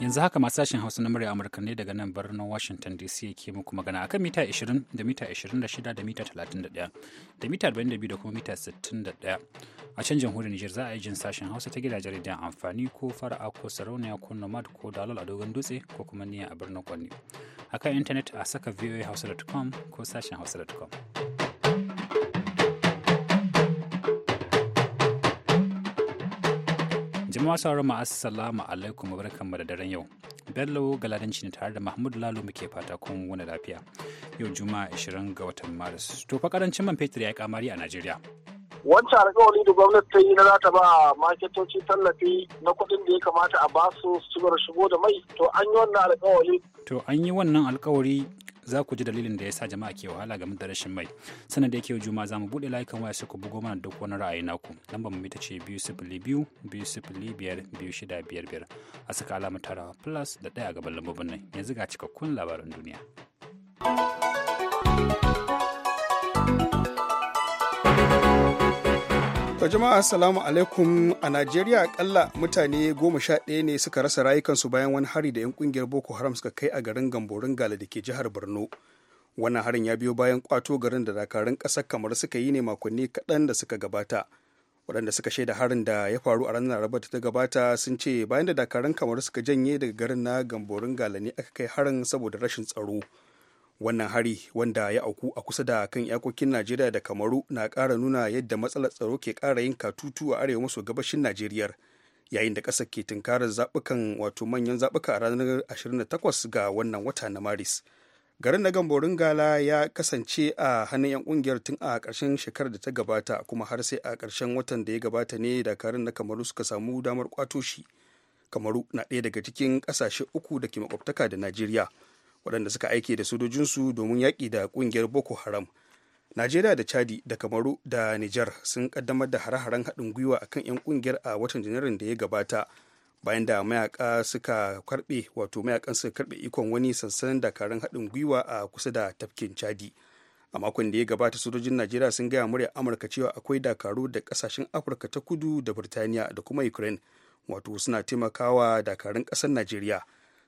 yanzu haka masu sashen hausa na murya amurka ne daga nan birnin washington dc ke muku magana akan mita 20 da mita 26 da mita 31 da mita 42 da kuma mita 61 a can jamhuriyar nijar za a yi jin sashen hausa ta gidajen rediyon amfani ko fara'a ko sarauniya ko nomad ko dalol a dogon dutse ko kuma niyya a birnin kwanne akan intanet a saka voa hausa.com ko sashen hausa.com jama'a sauran ma assalamu alaikum barkanmu da daren yau bello ga galadanci ne tare da mahmud lalu muke fata kun wani lafiya yau juma'a 20 ga watan maris to fa karancin man fetur ya yi kamari a najeriya wancan alƙawari da gwamnati ta yi na za ta ba maketoci tallafi na kuɗin da ya kamata a basu su shigo da mai to an yi wannan alƙawari to an yi wannan alkawari za ku ji dalilin da ya sa jama'a ke wahala game da rashin mai sanar da yake yau juma'a za mu buɗe layukan waya su ku bugo mana duk wani ra'ayi ku lambar mu ita ce biyu sifili biyu biyu sifili biyar biyu shida biyar biyar a saka alamar tarawa plus da ɗaya a gaban lambobin nan yanzu ga cikakkun labaran duniya. To jama'a assalamu alaikum a Najeriya akalla mutane goma sha ɗaya ne suka rasa rayukansu bayan wani hari da 'yan kungiyar Boko Haram suka kai a garin Gamborin Gala da ke jihar Borno. Wannan harin ya biyo bayan kwato garin da dakarun ƙasar kamar suka yi ne makonni kaɗan da suka gabata. Waɗanda suka shaida harin da ya faru a ranar Laraba ta gabata sun ce bayan da dakarun kamar suka janye daga garin na Gamborin Gala ne aka kai harin saboda rashin tsaro. wannan hari wanda ya auku a kusa da kan yakokin najeriya da kamaru na kara nuna yadda matsalar tsaro ke kara yin katutu a arewa maso gabashin najeriya yayin da ƙasar ke tunkarar zaɓukan wato manyan zaɓuka a ranar 28 ga wannan wata na maris garin na gamborin gala ya kasance a hannun 'yan kungiyar tun a karshen shekarar da ta gabata kuma har sai a karshen watan da ya gabata ne dakarun na kamaru suka samu damar kwato shi kamaru na ɗaya daga cikin ƙasashe uku da ke makwabtaka da najeriya waɗanda suka aike da sojojinsu domin yaƙi da ƙungiyar boko haram najeriya da chadi da kamaru da niger sun ƙaddamar da hare-haren haɗin gwiwa akan 'yan ƙungiyar a watan janairun da ya gabata bayan da mayaka suka karbe wato mayakan suka karbe ikon wani sansanin dakarun haɗin gwiwa a kusa da tafkin chadi a makon da ya gabata sojojin najeriya sun gaya murya amurka cewa akwai dakaru da kasashen afirka ta kudu da birtaniya da kuma ukraine wato suna taimakawa dakarun ƙasar najeriya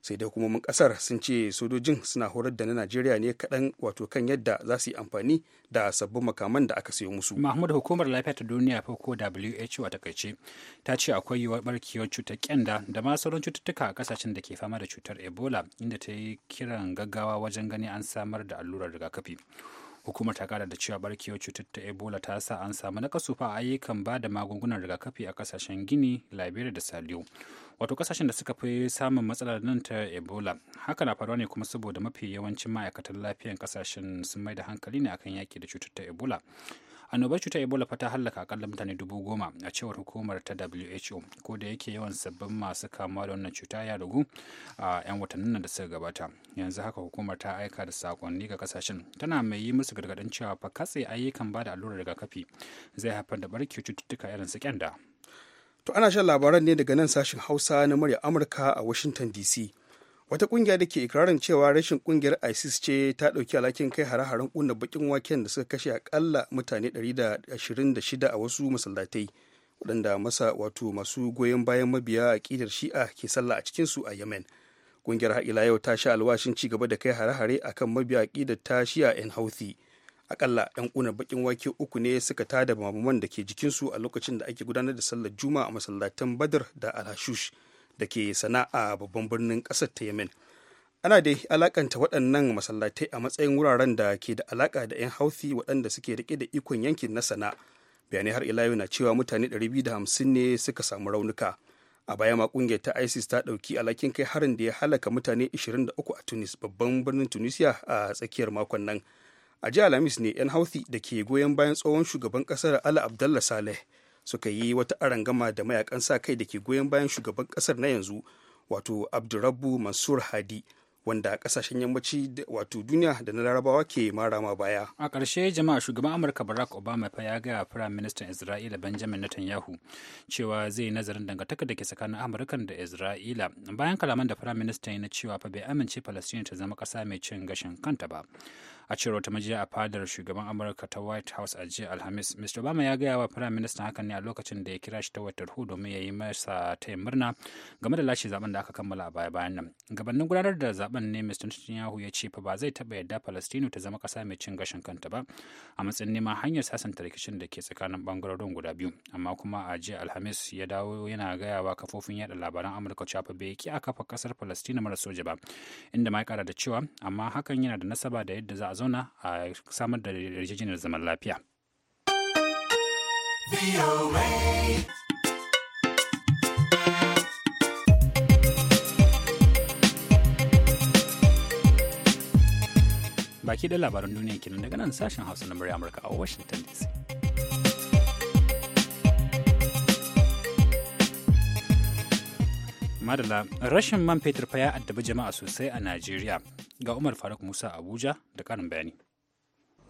sai dai hukumomin kasar sun ce sojojin suna horar da na najeriya ne kaɗan wato kan yadda za su yi amfani da sabbin makaman da aka sayo musu mahmud hukumar lafiya ta duniya ko who a takaice ta ce akwai yiwuwar barkewar cutar kyanda da ma sauran cututtuka a kasashen da ke fama da cutar ebola inda ta yi kiran gaggawa wajen gani an samar da allurar rigakafi hukumar ta kara da cewa barkewar cutar ta ebola ta sa an samu nakasu fa ayyukan ba da magungunan rigakafi a kasashen gini liberia da saliyo wato kasashen da suka fi samun matsalar nan ta ebola haka na faruwa ne kuma saboda mafi yawancin ma'aikatan lafiyan kasashen sun mai da hankali ne akan yaki da cutar ta ebola annobar cutar ebola fa ta hallaka akalla mutane dubu goma a cewar hukumar ta who ko da yake yawan sabbin masu kamuwa da wannan cuta ya ragu a 'yan watannin nan da suka gabata yanzu haka hukumar ta aika da sakonni ga kasashen tana mai yi musu gargaɗin cewa fa katse ayyukan ba da allurar rigakafi zai haifar da barkewar cututtuka irin su kyanda to ana shan labaran ne daga nan sashen hausa na murya amurka a washington dc wata kungiya da ke ikirarin cewa rashin kungiyar isis ce ta ɗauki alhakin kai hare-haren kuna bakin waken da suka kashe akalla mutane 126 a wasu masallatai waɗanda masa wato masu goyon bayan mabiya a ƙidar shi'a ke sallah a cikinsu a yemen kungiyar haƙila yau ta sha alwashin ci gaba da kai hare-hare a kan mabiya ƙidar ta shi'a yan houthi akalla yan ƙunar bakin wake uku ne suka tada mamuman da ke jikinsu a lokacin da ake gudanar da sallar juma'a a masallatan badr da alhashush da ke sana'a babban birnin ƙasar ta yemen ana da alakanta waɗannan masallatai a matsayin wuraren da ke da alaka da 'yan hauti waɗanda suke rike da ikon yankin na sana'a. bayanai har ila na cewa mutane 250 ne suka samu raunuka a baya ma ƙungiyar ta isis ta ɗauki alhakin kai harin da ya halaka mutane 23 a tunis babban birnin tunisia a tsakiyar makon nan a jiya alhamis ne 'yan hauti da ke goyon bayan tsohon shugaban ƙasar ala abdallah saleh suka yi wata arangama da mayakan sa kai da ke goyon bayan shugaban kasar na yanzu wato abdurrabu mansur hadi wanda kasashen yammaci wato duniya da na larabawa ke marama baya a ƙarshe jama'a shugaban amurka barack obama fa ya gaya firayim ministan isra'ila benjamin netanyahu cewa zai nazarin dangantaka da ke tsakanin amurkan da isra'ila bayan kalaman da firayim ministan ya na cewa fa bai amince palestina ta zama ƙasa mai cin gashin kanta ba a cewar wata majiya a fadar shugaban amurka ta white house a jiya alhamis mr obama ya gaya wa firayim ministan hakan ne a lokacin da ya kira shi ta watar hu domin ya yi masa tayin murna game da lashe zaben da aka kammala a baya bayan nan gabanin gudanar da zaben ne mr netanyahu ya ce fa ba zai taba yadda palestino ta zama kasa mai cin gashin kanta ba a matsayin neman hanyar sasanta rikicin da ke tsakanin bangarorin guda biyu amma kuma a jiya alhamis ya dawo yana gaya wa kafofin yada labaran amurka cewa bai ki a kafa kasar palestina mara soja ba inda ma ya kara da cewa amma hakan yana da nasaba da yadda za a zauna a samar da yarjejeniyar zaman lafiya. Baki da labaran duniya kenan daga nan sashen Hausa na murya Amurka a Washington DC. madala rashin man fetur fa ya addabi jama'a sosai a najeriya ga Umar Faruk Musa Abuja da ƙarin bayani.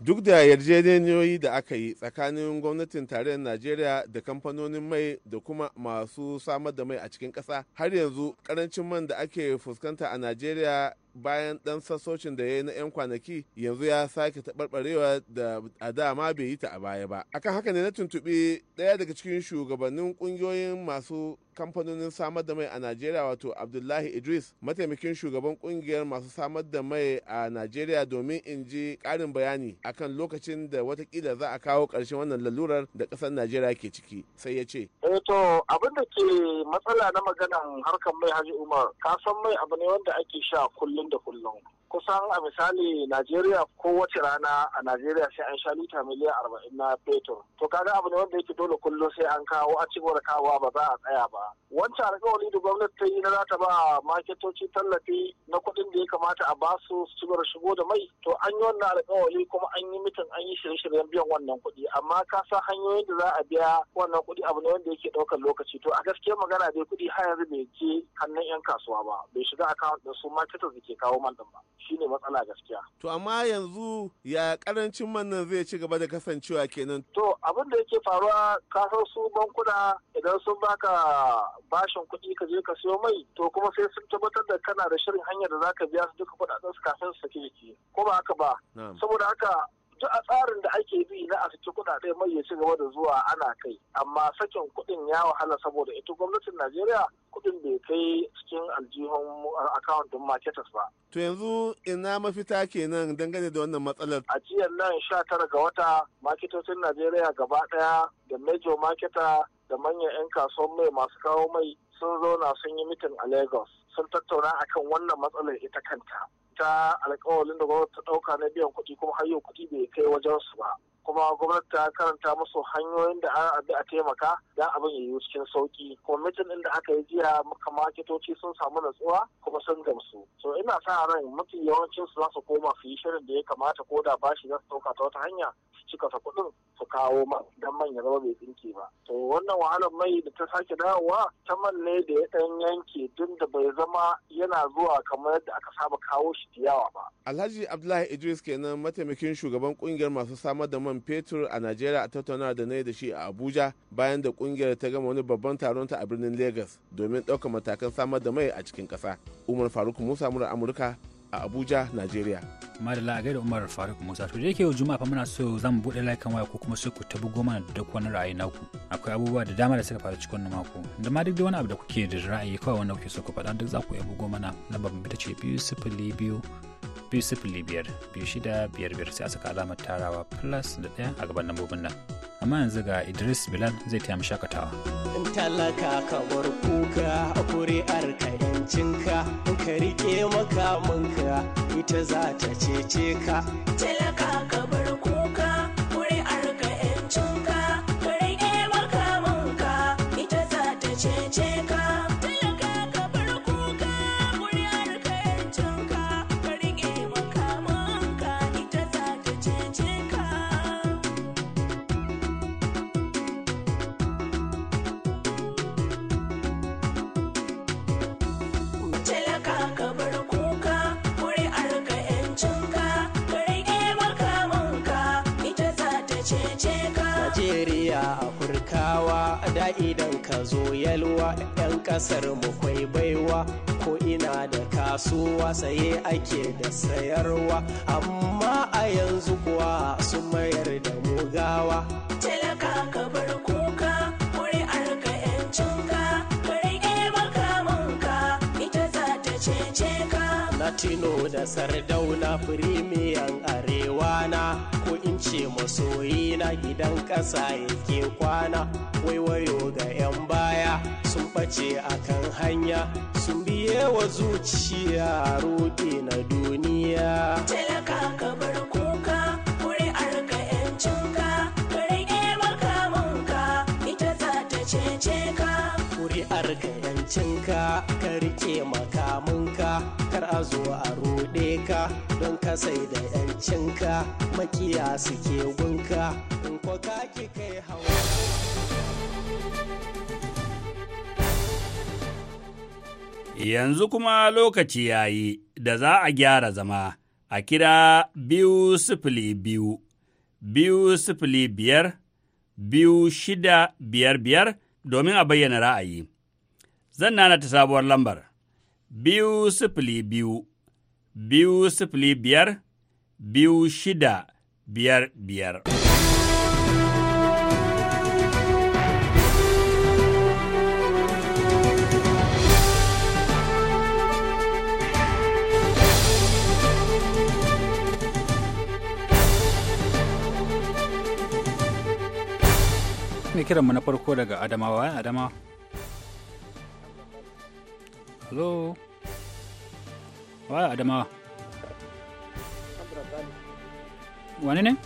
Duk da yarjejeniyoyi da aka yi tsakanin gwamnatin tarayyar Najeriya da kamfanonin mai da kuma masu samar da mai a cikin ƙasa, har yanzu ƙarancin man da ake fuskanta a Najeriya bayan ɗan sassocin da ya yi na 'yan kwanaki yanzu ya sake taɓarɓarewa da a dama bai yi ta a baya ba akan haka ne na tuntuɓi ɗaya daga cikin shugabannin ƙungiyoyin masu kamfanonin samar da mai a najeriya wato abdullahi idris mataimakin shugaban kungiyar masu samar da mai a najeriya domin in ji karin bayani akan lokacin da watakila za a kawo ƙarshen wannan lalurar da ƙasar najeriya ke ciki sai ya ce eh, to abin da ke matsala na maganan harkar mai haji umar kasan mai abu ne wanda ake sha kullum da kullum kusan a misali Najeriya kowace rana a Najeriya sai an sha lita miliyan arba'in na fetur. To kaga abu ne wanda yake dole kullum sai an kawo a cigaba kawa ba za a tsaya ba. Wancan alƙawari da gwamnati ta yi na za ta ba maketoci tallafi na kuɗin da ya kamata a ba su su shigo da mai. To an yi wannan alƙawari kuma an yi mitin an yi shirye-shiryen biyan wannan kuɗi amma ka sa hanyoyin da za a biya wannan kuɗi abu ne wanda yake ɗaukar lokaci. To a gaskiya magana dai kuɗi har yanzu bai je hannun 'yan kasuwa ba bai shiga akawun da su maketoci ke kawo man ba. shine matsala gaskiya. To amma yanzu ya karancin man nan zai ci gaba da kasancewa kenan. To abin da yake faruwa ka san su bankuna idan sun baka bashin kuɗi ka je ka siyo mai to kuma sai sun tabbatar da kana da shirin hanyar da zaka biya su duka kuɗaɗen su kafin su saki jiki ko ba haka ba. Saboda haka duk a tsarin da ake bi na a saki kudade mai ya ci gaba da zuwa ana kai amma sakin kudin ya wahala saboda ita gwamnatin najeriya kuɗin bai kai cikin aljihun akawuntin marketers ba. To yanzu ina mafita kenan dangane da wannan matsalar? A jiyan nan sha tara ga wata marketocin Najeriya gaba ɗaya da major marketer da manyan 'yan kasuwan mai masu kawo mai sun zauna sun yi mitin a Lagos sun tattauna akan wannan matsalar ita kanta. ta alkawalin da gwamnati ta ɗauka na biyan kuɗi kuma har yau kuɗi bai kai wajen su ba kuma gwamnati ta karanta musu hanyoyin da an bi a taimaka don abin ya yi cikin sauki kuma mitin da aka yi jiya muka maketoci sun samu natsuwa kuma sun gamsu so ina sa ran mutum yawancin su za su koma su yi shirin da ya kamata ko da bashi za su ɗauka ta wata hanya su cika sa kuɗin su kawo ma dan man ya zama bai tsinke ba to wannan wahalar mai da ta sake dawowa ta man ne da ya ɗan yanke tun da bai zama yana zuwa kamar yadda aka saba kawo shi da yawa ba alhaji abdullahi idris kenan mataimakin shugaban kungiyar masu samar da man man fetur a najeriya a tattauna da na da shi a abuja bayan da kungiyar ta gama wani babban taron ta a birnin lagos domin ɗaukar matakan samar da mai a cikin ƙasa umar faruk musa mura amurka a abuja najeriya madala a gaida umar faruk musa to da yake yau juma'a fa muna so zan buɗe layukan waya ko kuma sai ku tabi goma da duk wani ra'ayi naku akwai abubuwa da dama da suka faru cikin mako da ma duk da wani abu da kuke da ra'ayi kawai wanda kuke so ku faɗa duk za ku yabo goma na lambar mu ta ce biyu sifili biyu biyu sifili biyar biyu shida biyar biyar sai a saka alamar tarawa plus da ɗaya a gaban lambobin nan amma yanzu ga idris bilal zai taya mu shakatawa in talaka ka bar kuka a kuri'ar ka yancinka in ka riƙe makamanka ita za ta cece ka talaka ka bar da idan ka zo yalwa 'yan kasar mu kwai baiwa ko ina da kasuwa saye ake da sayarwa amma a yanzu kuwa sun mayar da mugawa talaka ka bar kuka kuri'ar ka 'yancinka karike makamanka ita za ta cece ka latino da sardauna firimiyan na. sun ce masoyi gidan ƙasa yake kwana waiwayo ga 'yan baya sun ɓace a kan hanya sun biye wa zuciya roƙe na duniya talaka ka bar kuka ƙuri'ar ka 'yancinka ka rike makamanka ita za ta cece ka ƙuri'ar ka 'yancinka ka rike makamanka kar a zo a roɗe ka don ka sai da yancinka makiya suke gunka in kwa ki kai hawa yanzu kuma lokaci ya yi da za a gyara zama a kira biyu sifili biyu biyu sifili biyar biyu shida biyar biyar domin a bayyana ra'ayi zan nana ta sabuwar lambar biyu sifili biyu biyu sifili biyar biyu shida biyar biyar. ne kiranmu na farko daga adamawa adamawa hello Waya Adamawa. Wane ne?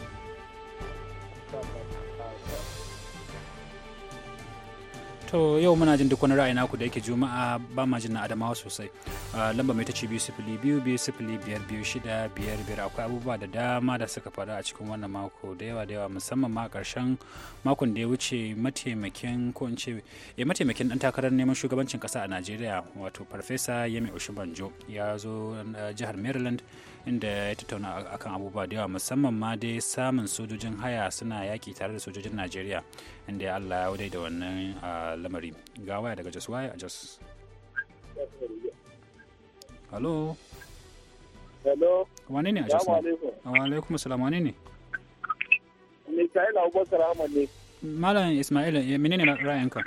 to yau muna jin duk wani ra'ayi naku da yake juma'a ba ma jin na adamawa sosai ah, lamba mai ta ce biyu sifili biyu biyu sifili biyar biyu shida biyar biyar akwai abubuwa da dama da suka faru a cikin wannan mako da yawa da yawa musamman ma karshen makon da ya wuce mataimakin ko in ce ya eh, mataimakin dan takarar neman shugabancin kasa a najeriya wato farfesa yemi oshibanjo ya zo eh, jihar maryland inda ya tattauna akan abubuwa da yawa musamman ma dai samun sojojin haya suna yaki tare da sojojin najeriya inda ya Allah ya wadai da wannan lamari ga waya daga Jos waya a Jos Hello Hello wane ne a Jos Wa alaikum salam wane ne Isma'il Abubakar Ahmad ne Malam Ismail eh, menene ra'ayinka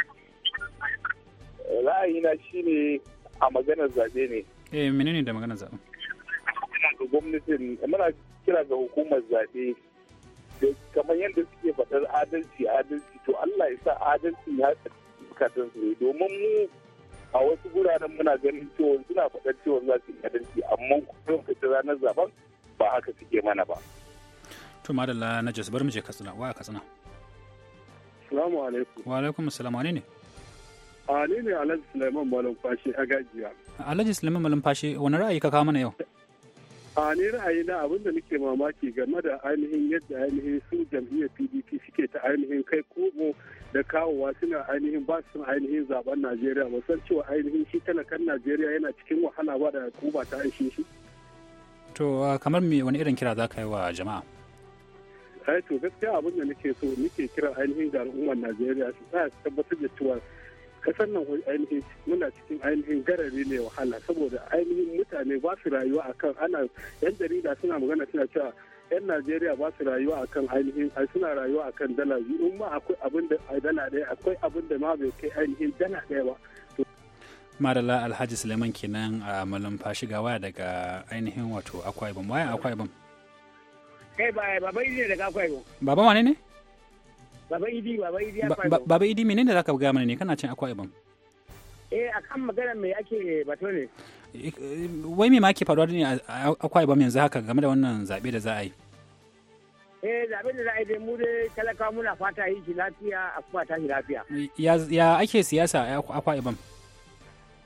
Ra'ayina ne a maganar zabe ne Eh ne da maganar zabe Muna kira ga hukumar zabe kamar yadda suke faɗar adalci adalci to Allah ya sa adalci ya bukatun su domin mu a wasu guraren muna ganin cewa suna faɗar cewa za su yi adalci amma lokacin ranar zaben ba haka suke mana ba. To madalla na jas bar mu je Katsina wa Katsina. Assalamu alaikum. Wa alaikum assalam wane ne? Ali ne Alhaji Sulaiman Malam Fashi a gajiya. Alhaji Sulaiman Malam Fashi wani ra'ayi ka kawo mana yau? a ni ra'ayi na abin da nake mamaki game da ainihin yadda ainihin su jam'iyyar pdp suke ta ainihin kai kogo da kawowa suna ainihin ba su ainihin zaben najeriya ba san cewa ainihin shi talakan najeriya yana cikin wahala ba da kuma ta aishe shi to kamar me wani irin kira za ka yi wa jama'a ai to gaskiya abin da nake so nake kira ainihin ga al'ummar najeriya su tsaya su tabbatar da cewa kasar nan ainihin muna cikin ainihin garari ne wahala saboda ainihin mutane ba su rayuwa akan ana yan jarida suna magana suna cewa 'yan najeriya ba su rayuwa akan ainihin suna rayuwa akan dala biyu in ma akwai abin da dala ɗaya akwai abin da ma bai kai ainihin dala ɗaya ba madala alhaji suleiman kenan a malumfashi gawa daga ainihin wato akwai bam waya akwai bam eh ba ba bai ne daga akwai bam baba wane ne Baba Idi, Baba Idi ya faru. Baba menene zaka gaya mana ne kana cin akwa ibon? Eh akan magana me ake bato ne? Eh, eh, wai me ma ake faruwa ne akwa ibon yanzu haka game da wannan zabe da za a yi? eh zaben da za a dai mu dai talaka muna fata yi shi lafiya a kuma ta shi lafiya. Ya ake siyasa akwa ibam?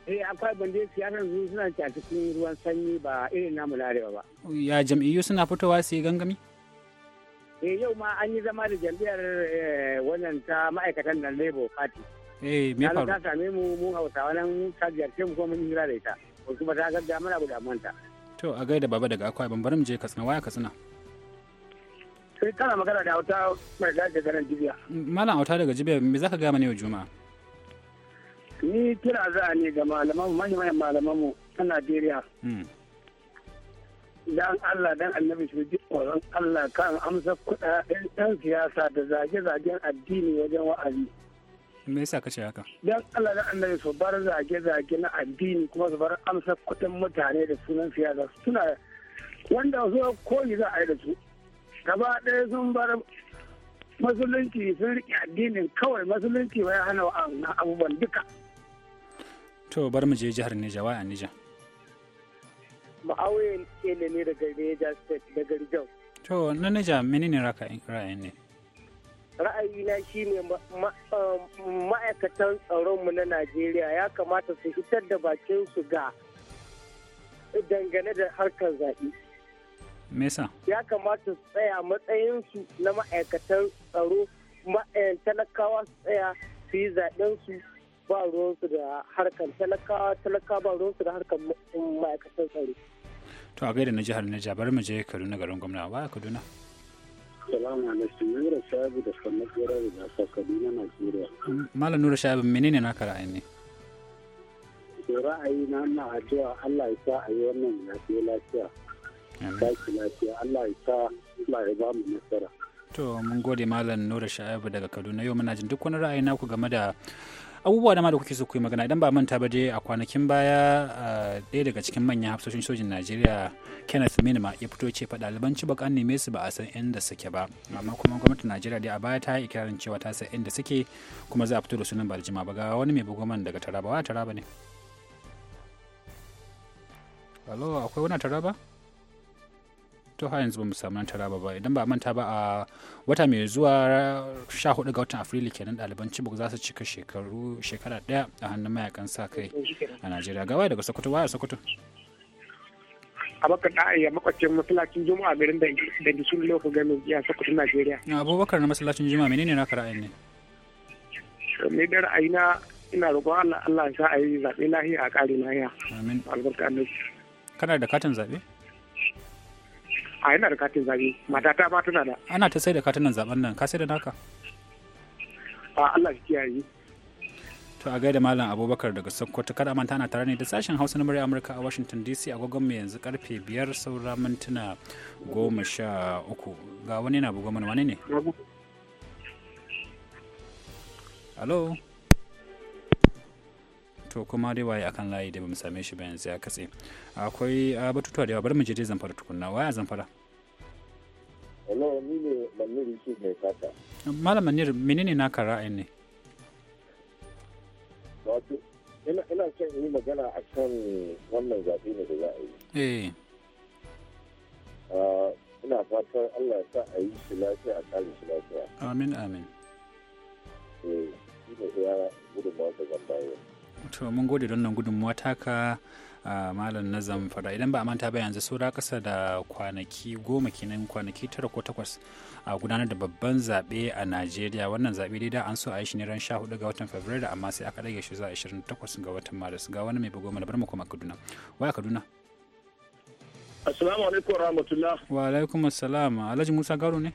Eh akwa ibam dai siyasar su suna cikin ruwan sanyi ba irin namu larewa arewa ba. Ya jam'iyyu suna fitowa su yi gangami? eh yau ma an yi zama da jam'iyyar eh, wannan ta ma'aikatan nan Labour Party eh me faru ta same mu mu Hausawa nan ta ziyarce mu kuma mun jira da ita wasu kuma ta ga mana abu da manta to a gaida baba daga akwai ban barin je Katsina waya Katsina sai kana magana da auta mai gaji garin Jibiya malam auta daga Jibiya me zaka ga mana yau juma'a ni kira za ne ga malaman manyan malaman mu a Najeriya hmm. dan Allah dan annabi su ji tsoron Allah kan amsa kudaden ɗan siyasa da zage-zagen addini wajen wa'azi. Me yasa kace haka? Dan Allah dan annabi su bar zage-zage na addini kuma su bar amsa kuɗin mutane da sunan siyasa suna wanda su koyi za a yi da su. Gaba ɗaya sun bar musulunci sun riƙe addinin kawai musulunci bai hana wa abubuwan duka. To bar mu je jihar Nijawa a Nijar. ma'auyen kele ne daga Niger State daga Rijau. To, na Niger menene ra'ayin ne? na shi ne ma'aikatan tsaronmu na Najeriya ya kamata su fitar da bakin su ga dangane da harkar zaɓe. Mesa. Ya kamata su tsaya matsayinsu na ma'aikatan tsaro eh, talakawa su tsaya su yi zaɓensu ba ruwansu da harkar talakawa talakawa ba ruwansu da harkar ma'aikatan tsaro. to a gaida na jihar Niger bari mu je Kaduna garin gwamna ba Kaduna Salamu alaikum Nura Shabi da Sannan Gara da Nasa Kaduna Najeriya Malam Nura Shabi menene naka ra'ayi ne ra'ayi na na addu'a Allah ya sa a yi wannan lafiya lafiya Saki lafiya Allah ya sa Allah ya ba mu nasara To mun gode Malam Nura Shaibu daga Kaduna yau muna jin duk wani ra'ayi naku game da abubuwa da ma da kuke so ku yi magana idan ba manta ba dai a kwanakin baya ah, ɗaya daga cikin manyan hafsoshin sojin najeriya kenneth minima ya fito ce fa ɗaliban ci an neme su ba a san inda suke ba amma kuma gwamnatin najeriya dai a baya ta yi ikirarin cewa ta san inda suke kuma za a fito da sunan ba da ba ga wani mai bugoman daga taraba wa taraba ne alo akwai wani taraba to har yanzu ba mu samu nan taraba ba idan ba manta ba a wata mai zuwa 14 ga watan afrilu kenan ɗaliban cibok za su cika shekaru shekara ɗaya a hannun mayakan sa kai a najeriya gawa daga sokoto waya sokoto abubakar da ayya makwacin masallacin juma'a birnin da gisun lokacin gami jiya sokoto najeriya abubakar na masallacin juma'a menene naka ra'ayin ne ne da ra'ayi na ina roƙon allah allah sa a yi zaɓe lahiya a ƙari lahiya amin albarka annabi kana da katin zaɓe a yana da katin zabe matata ma tana da ana ta sai da katunan zaben nan ka sai da naka a Allah ki kiyaye to a gaida malam abubakar daga sokoto kada manta ana tare ne da sashen hausa na murya amurka a washington dc agogon mai yanzu karfe biyar saura mintuna goma sha uku ga wani na bugon wani ne alo to kuma dai waye akan layi da bamu same shi ba yanzu ya katse akwai batutuwa da yawa bari mu je zamfara tukunna waya zamfara Hello, ni ne Manir Yusuf mai fata. Malam Manir, menene naka ra'ayin ne? Wato, ina son yi magana a kan wannan zaɓe ne da za a yi. Eh. Ah, ina fatan Allah sa a yi shi lafiya a kare shi lafiya. Amin, amin. Eh, shi ne ya gudunmawa da zan bayar. To, mun gode don nan gudunmawa taka malam na zamfara idan ba a manta ba yanzu saura kasa da kwanaki goma kenan kwanaki tara ko takwas a gudanar da babban zaɓe a najeriya wannan zaɓe dai da an so a yi shi ne ran 14 ga watan fabrairu amma sai aka ɗage shi zuwa 28 ga watan maris ga wani mai bugo mana bar mu kuma kaduna waya kaduna assalamu alaikum rahmatullah wa alaikum assalam alhaji musa garo ne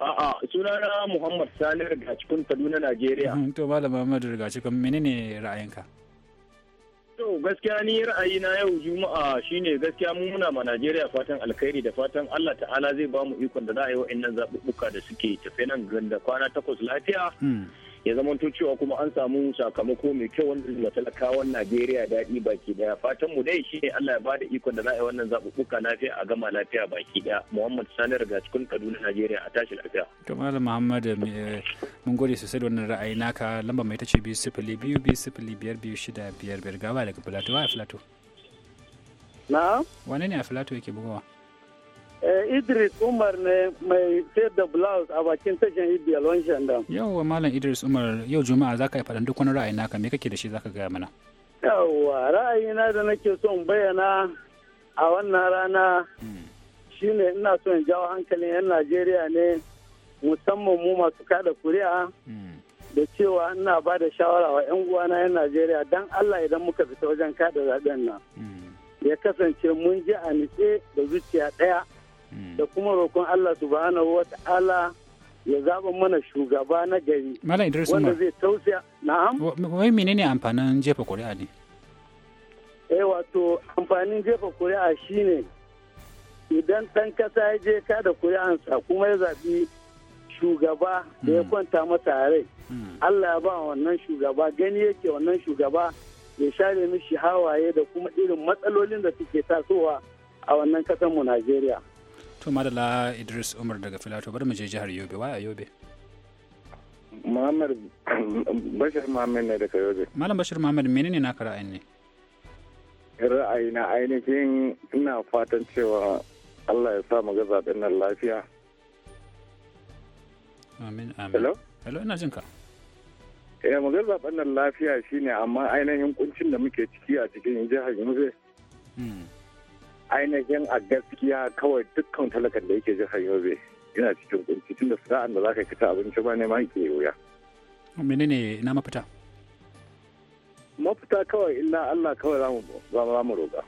A'a, sunana Muhammad Sani Rigacikun Kaduna, Najeriya. Mm-hmm. To, Malam Muhammad Rigacikun, menene ra'ayinka? To gaskiya ni ra'ayi na yau Juma'a shine gaskiya mu muna ma Najeriya fatan alkhairi da fatan Allah ta'ala zai bamu ikon da za a yi wa'annan zaɓuɓɓuka da suke tafe nan ganda kwana takwas lafiya. Hmm. ya zamanto cewa kuma an samu sakamako mai kyau wanda zai talakawan Najeriya daɗi baki daya fatan mu dai shine Allah ya bada ikon da za a yi wannan zaɓuɓɓuka lafiya a gama lafiya baki daya Muhammad Sani daga cikin Kaduna Najeriya a tashi lafiya to malam Muhammad mun gode sosai da wannan ra'ayi naka lamba mai tace biyu sifili biyu biyu sifili biyar biyu shida biyar biyar gaba daga Filato wa Filato na wane ne a Filato yake bugawa E, Idris Umar ne mai sayar da blouse a bakin tashin Idiyal wancan da. Yawwa Malam Idris Umar yau Juma'a za ka yi faɗan duk wani ra'ayi naka me kake da shi za ka gaya mana. Yawwa ra'ayina da nake son bayyana a wannan rana hmm. shine ina son jawo hankalin 'yan Najeriya ne musamman mu masu kada kuri'a hmm. da cewa ina ba da shawara wa 'yan uwana 'yan Najeriya don Allah idan muka fita wajen kada zaɓen nan. Hmm. Ya kasance mun ji a nitse da zuciya ɗaya. Mm. da kuma roƙon Allah subhanahu wa ta'ala ya zaɓa mana shugaba na gari wanda zai tausaya na'am wai menene amfanin jefa kuri'a ne eh wato amfanin jefa kuri'a shine idan ɗan kasa ya je kada kuri'ansa kuma ya zaɓi shugaba da ya mm. kwanta masa rai mm. Allah ya ba wannan shugaba gani yake wannan shugaba ya share mishi hawaye da kuma irin matsalolin da suke tasowa a wannan mu Najeriya. to madala idris umar daga filato bari mu je jihar yobe wa a yobe muhammad bashir muhammad ne daga yobe malam bashir muhammad menene naka ra'ayin ne ra'ayi na ainihin ina fatan cewa allah ya sa mu ga nan lafiya amin amin hello ina jin ka eh magar zaben nan lafiya shine amma ainihin kuncin da muke ciki a cikin jihar Yobe hmm. ainihin a gaskiya kawai dukkan talakan da yake jihar yobe yana cikin kunci da sa'an da za ka kita abinci ba ne ma ke wuya. menene na mafita mafita kawai illa allah kawai za mu roga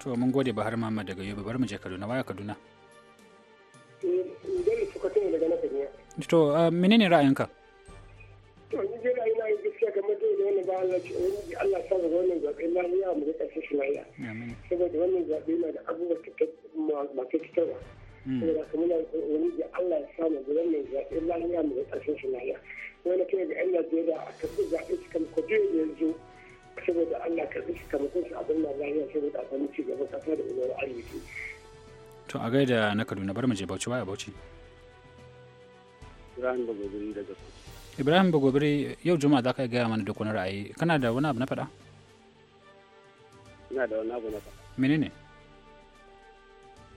to mun gode bahar mamad daga yobe bari mu je kaduna waya kaduna eh, to ah, menene ra'ayinka to ni Allah ce ubangiji Allah sa wannan zaɓe mu ga ƙarshen shi saboda wannan zaɓe na da abubuwa masu fitarwa hmm. saboda kuma na ubangiji Allah ya sa mu wannan zaɓe mu ga ƙarshen shi wani ga 'yan Najeriya a karɓi zaɓe su kan kwaje da yanzu saboda Allah karɓi su kan abin na lahiya saboda a samu ci gaban ƙasa da arziki. To a gaida na Kaduna bar mu je Bauchi waya Bauchi. Ibrahim daga ibrahim bagobiri yau juma'a za ka gaya mana duk wani ra'ayi kana da wani abu na faɗa ina da wani abu na faɗa menene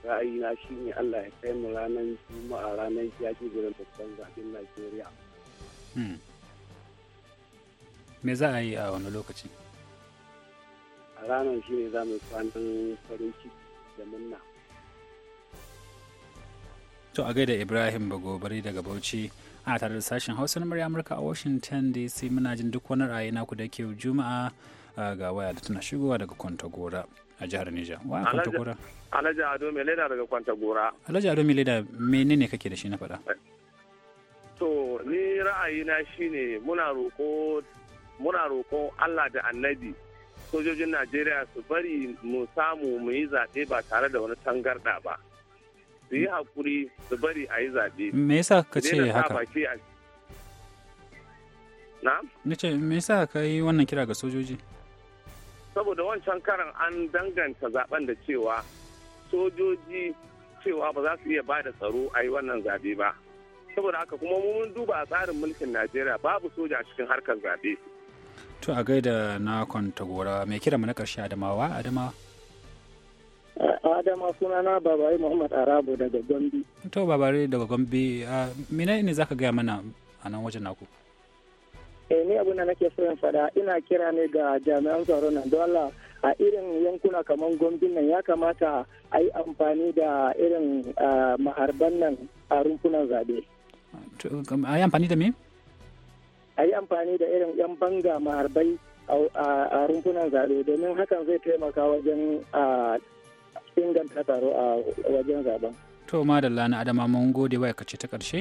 na shi ne allah ya kai mu ranar juma'a ranar ya ce gudun babban zaɓen najeriya hmm. me za a yi a wani lokaci a ranar shi ne za mu kwanan farin ciki da munna to a gaida ibrahim bagobari daga bauchi a tare da sashen hausa na murya amurka a washington dc muna jin duk wani ra'ayi ku da ke juma'a ga waya da tana shigowa daga kwanta gora a jihar Nijar. Wa gora Alhaji Ado mai leda daga gora Alhaji Ado mai leda menene kake da shi na faɗa? To ni ra'ayina shine muna muna roko Allah da Annabi sojojin Najeriya su bari mu samu mu yi zaɓe ba tare da wani tangarɗa ba. su yi hakuri su bari a yi zaɓe. Me yasa ka ce haka? Na? ce me yasa ka yi wannan kira ga sojoji? Saboda wancan karan an danganta zaben da cewa sojoji cewa ba za su iya ba da tsaro a yi wannan zaɓe ba. Saboda haka kuma mun duba a tsarin mulkin Najeriya babu soja cikin harkar zaɓe. To a gaida na kwanta gora mai kira mu na ƙarshe Adamawa Adamawa. Adama sunana Babare Muhammad arabu daga Gombe. To Babare daga Gombe, mina ne zaka gaya mana a nan wajen naku? Eh ni abin da nake so in fada ina kira ne ga jami'an tsaro nan dole a irin yankuna kamar Gombe nan ya kamata a yi amfani da irin maharban nan a rumfunan zabe. A yi amfani da me? A yi amfani da irin 'yan banga maharbai a rumfunan zaɓe domin hakan zai taimaka wajen inganta taro a wajen zaben. To madalla na adama mun gode waya kace ta karshe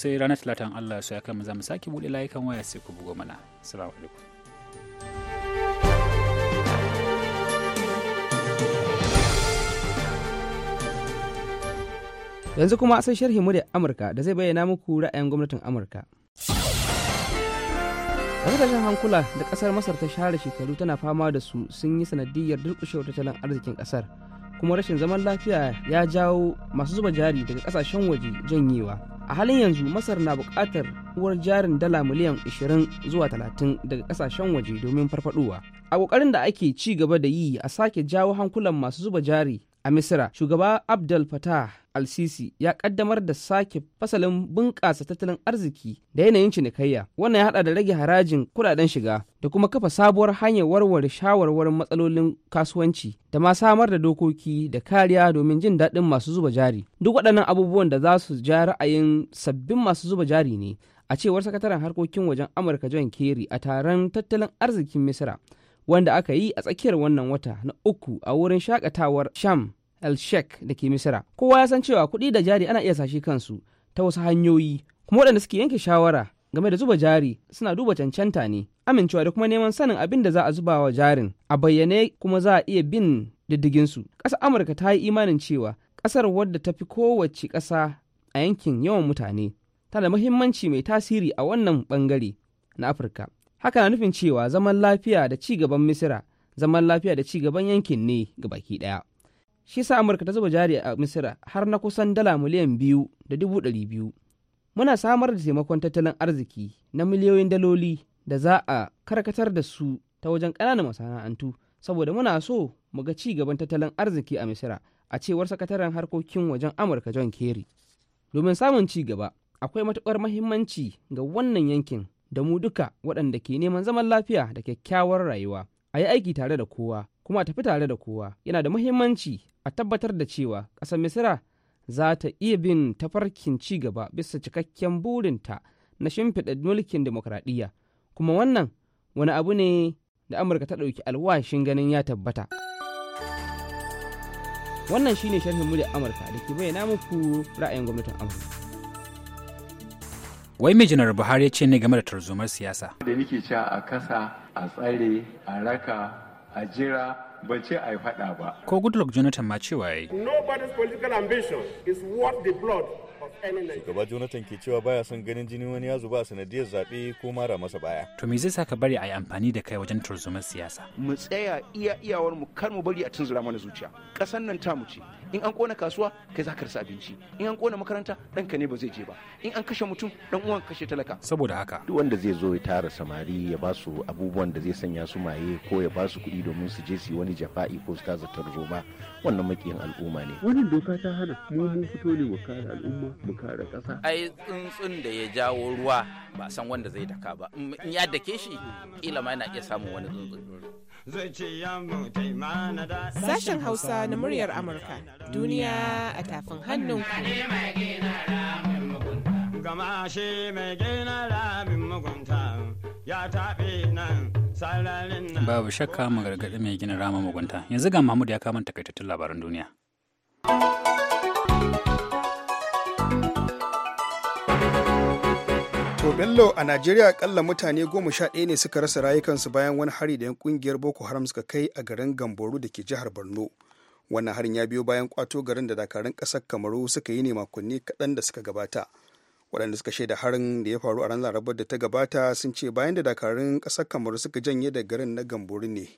sai ranar talatin Allah su ya kai mu zamu mu sake bude layukan waya sai ku bugo mana. Assalamu alaikum. Yanzu kuma sai sharhi mu da Amurka da zai bayyana muku ra'ayin gwamnatin Amurka. kasashen hankula da kasar masar ta share shekaru tana fama da su sun yi sanadiyar durkushewar tattalin arzikin kasar kuma rashin zaman lafiya ya jawo masu zuba jari daga kasashen waje janyewa a halin yanzu masar na buƙatar uwar jarin dala miliyan 20 zuwa 30 daga kasashen waje domin farfadowa a ƙoƙarin da ake ci gaba da yi a sake jawo hankulan masu zuba jari a misira shugaba abdel fatah al-sisi ya kaddamar da sake fasalin bunƙasa tattalin arziki da yanayin cinikayya wannan ya hada da rage harajin kudaden shiga da kuma kafa sabuwar hanyar warware shawarwarin matsalolin kasuwanci da ma samar da dokoki da kariya domin jin daɗin masu zuba jari duk waɗannan abubuwan da za su ja ra'ayin sabbin masu zuba jari ne a cewar sakataren harkokin wajen amurka john kerry a taron tattalin arzikin misira wanda aka yi a tsakiyar wannan wata na uku a wurin shakatawar sham el sheik da ke misira kowa ya san cewa kuɗi da jari ana iya sashi kansu ta wasu hanyoyi kuma waɗanda suke yanke shawara game da zuba jari suna duba cancanta ne amincewa da kuma neman sanin abin da za a zuba wa jarin a bayyane kuma za a iya bin diddiginsu ƙasar amurka ta yi imanin cewa ƙasar wadda ta fi kowace ƙasa a yankin yawan mutane tana da muhimmanci mai tasiri a wannan bangare na afirka haka na nufin cewa zaman lafiya da ci gaban misira zaman lafiya da ci gaban yankin ne ga baki ɗaya shi sa amurka ta zuba jari a misira har na kusan dala miliyan biyu da dubu ɗari biyu muna samar da taimakon tattalin arziki na miliyoyin daloli da za a karkatar da su ta wajen ƙananan masana'antu saboda muna so mu ga ci gaban tattalin arziki a misira a cewar sakataren harkokin wajen amurka john kerry domin samun ci gaba akwai matuƙar mahimmanci ga wannan yankin da mu duka waɗanda ke neman zaman lafiya da kyakkyawar rayuwa a yi aiki tare da kowa kuma tafi tare da kowa yana da muhimmanci a tabbatar da cewa ƙasar misira za ta iya bin tafarkin ci gaba bisa cikakken burinta na shimfiɗa mulkin demokradiyya kuma wannan wani abu ne da amurka ta ɗauki alwashin ganin ya tabbata wannan shine sharhin muryar amurka da ke bayyana muku ra'ayin gwamnatin amurka wai mai janar buhari ya ce ne game da tarzomar siyasa da nake cewa a kasa a tsare a raka a jira ba ce a yi faɗa ba. Ko Goodluck Jonathan ma cewa yi. Nobody's political ambition is worth the blood Shugaba Jonathan ke cewa baya son ganin jinin wani ya zuba sanadiyar zaɓe ko mara masa baya. To me zai sa ka bari a yi amfani da kai wajen turzumar siyasa? Mu tsaya iya iyawar mu kar mu bari a tunzura mana zuciya. Ƙasar nan ta mu ce. In an kona kasuwa kai za ka rasa abinci. In an kona makaranta dan ka ne ba zai je ba. In an kashe mutum dan uwan kashe talaka. Saboda haka. Duk wanda zai zo ya tara samari ya ba su abubuwan da zai sanya su maye ko ya ba su kuɗi domin su je su wani jafa'i ko su taza tarzoma wannan makiyin al'umma ne. Wannan doka ta hana mu mun fito ne wa kare al'umma duka da ƙasa. ai tsuntsun da ya jawo ruwa ba san wanda zai daka ba in ya dake shi kila ma yana iya samun wani tsuntsun Sashen Hausa na muryar Amurka, duniya a tafin hannun ku. Gama shi mai gina ramin mugunta ya taɓe nan Babu shakka mu gargaɗi mai gina rama mugunta. Yanzu ga Mahmud ya kamanta kaitattun labaran duniya. To Bello a Najeriya kalla mutane goma sha ɗaya ne suka rasa rayukansu bayan wani hari da 'yan kungiyar Boko Haram suka kai a garin Gamboru da ke jihar Borno. Wannan harin ya biyo bayan kwato garin da dakarun kasar Kamaru suka yi ne makonni kaɗan da suka gabata. Waɗanda suka shaida harin da ya faru a ranar Larabar da ta gabata sun ce bayan da dakarun kasar Kamaru suka janye da garin na Gamboru ne.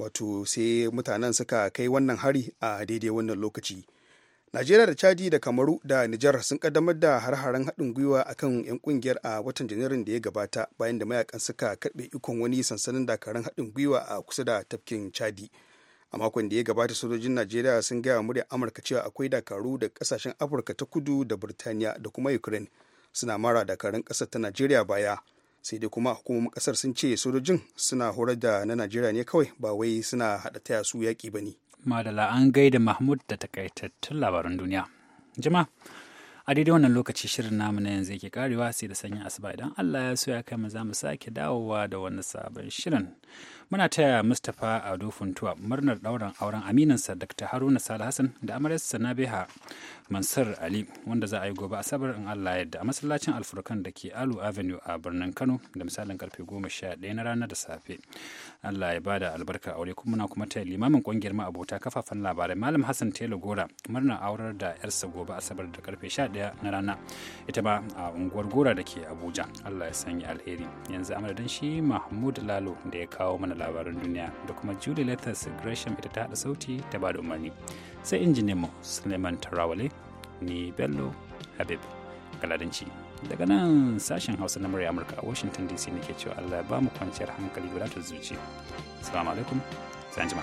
Wato sai mutanen suka kai wannan hari a daidai wannan lokaci. najeriya da chadi da kamaru da nijar sun kaddamar da har-haren haɗin gwiwa akan 'yan kungiyar a watan janairun da ya gabata bayan da mayakan suka karɓe ikon wani sansanin dakarun haɗin gwiwa a kusa da tafkin chadi a makon da ya gabata sojojin najeriya sun gaya murya amurka cewa akwai dakaru da kasashen afirka ta kudu da birtaniya da kuma ukraine suna mara dakarun ƙasar ta najeriya baya sai dai kuma hukumomin ƙasar sun ce sojojin suna horar da na najeriya ne kawai ba wai suna haɗa taya su yaƙi ba ne Madala an gaida Mahmud da takaitattun labaran duniya. Jima, a daidai wannan lokaci shirin namu na yanzu yake karewa sai da sanyin asuba idan Allah ya so ya kai mu za mu sake dawowa da wani sabon shirin. muna taya mustapha ado funtuwa murnar ɗaurin auren aminansa dr haruna sale hassan da amaryarsa nabiha mansur ali wanda za a yi gobe asabar in allah yadda a masallacin alfurkan da ke alu avenue a birnin kano da misalin karfe goma sha ɗaya na ranar da safe allah ya bada albarka aure kuma muna kuma taya limamin ƙungiyar ma'abota kafafen labarai malam hassan taylor gora murnar aurar da yarsa gobe asabar da karfe sha ɗaya na rana ita ba a unguwar gora da ke abuja allah ya sanya alheri yanzu amadadin shi mahmud lalo da ya kawo mana labaran duniya da kuma Julie Letters Gresham ita ta haɗa sauti ta bada umarni. Sai injiniyan mu Suleiman Tarawale ni Bello Habib Galadanci. Daga nan sashen Hausa na murya Amurka a Washington DC nake cewa Allah ba mu kwanciyar hankali guda wadatar zuci. Assalamu alaikum, sai anjima.